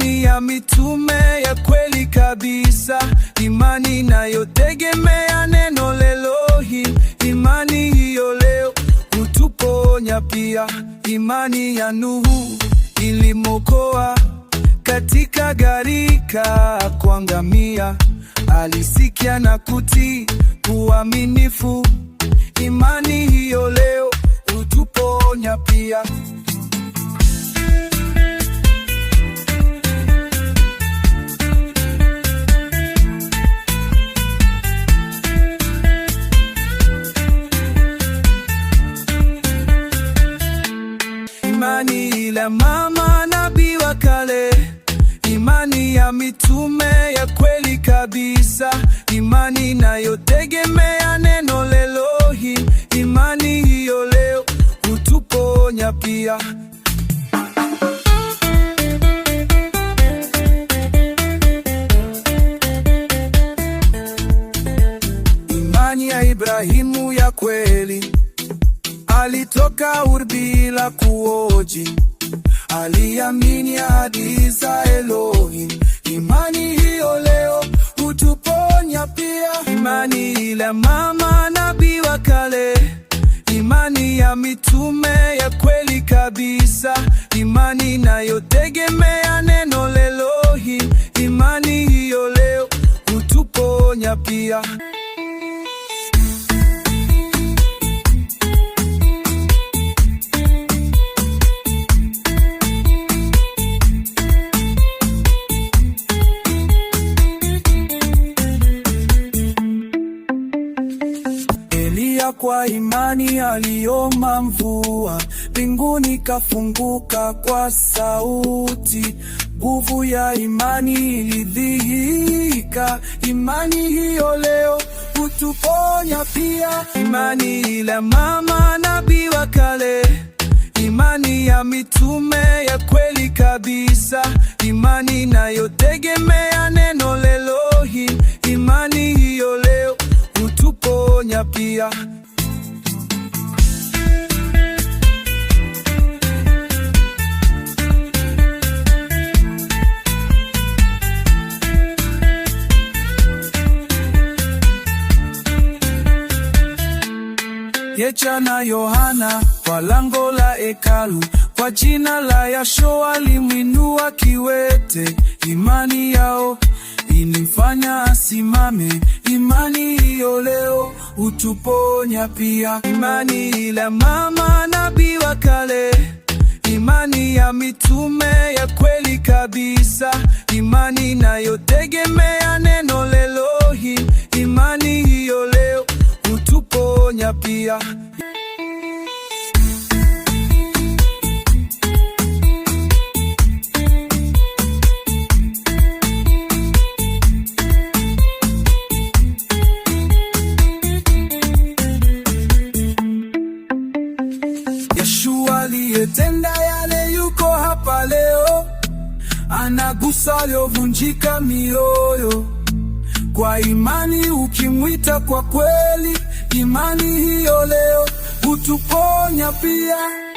imani ya mitume ya kweli kabisa, imani inayotegemea neno la Imani hiyo leo hutuponya pia, imani ya Nuhu ilimokoa katika gharika kuangamia, alisikia na kutii uaminifu Imani hiyo leo hutuponya pia. Kila mama nabii wa kale, imani ya mitume ya kweli kabisa, imani inayotegemea neno la Imani hiyo leo hutuponya pia. Imani ya Ibrahimu ya kweli, alitoka Ur bila kuoji aliamini ahadi za Elohim. Imani hiyo leo hutuponya pia, imani ile mama nabii wa kale, imani ya mitume ya kweli kabisa, imani inayotegemea neno la Elohim. Imani hiyo leo hutuponya pia. kwa imani aliomba mvua, mbinguni kafunguka kwa sauti. Nguvu ya imani ilidhihika Imani hiyo leo hutuponya pia, imani ila mama nabii wa kale, imani ya mitume ya kweli kabisa, imani inayotegemea neno la Elohim. Imani hiyo leo hutuponya pia. Yecha na Yohana kwa lango la hekalu, kwa jina la Yashua alimwinua kiwete. Imani yao ilimfanya asimame. Imani hiyo leo utuponya pia. Imani ila mama nabii wa kale, imani ya mitume ya. Yesu aliyetenda yale yuko hapa leo, anagusa aliyovunjika mioyo. kwa imani, ukimwita kwa kweli, imani hiyo leo hutuponya pia.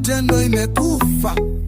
matendo imekufa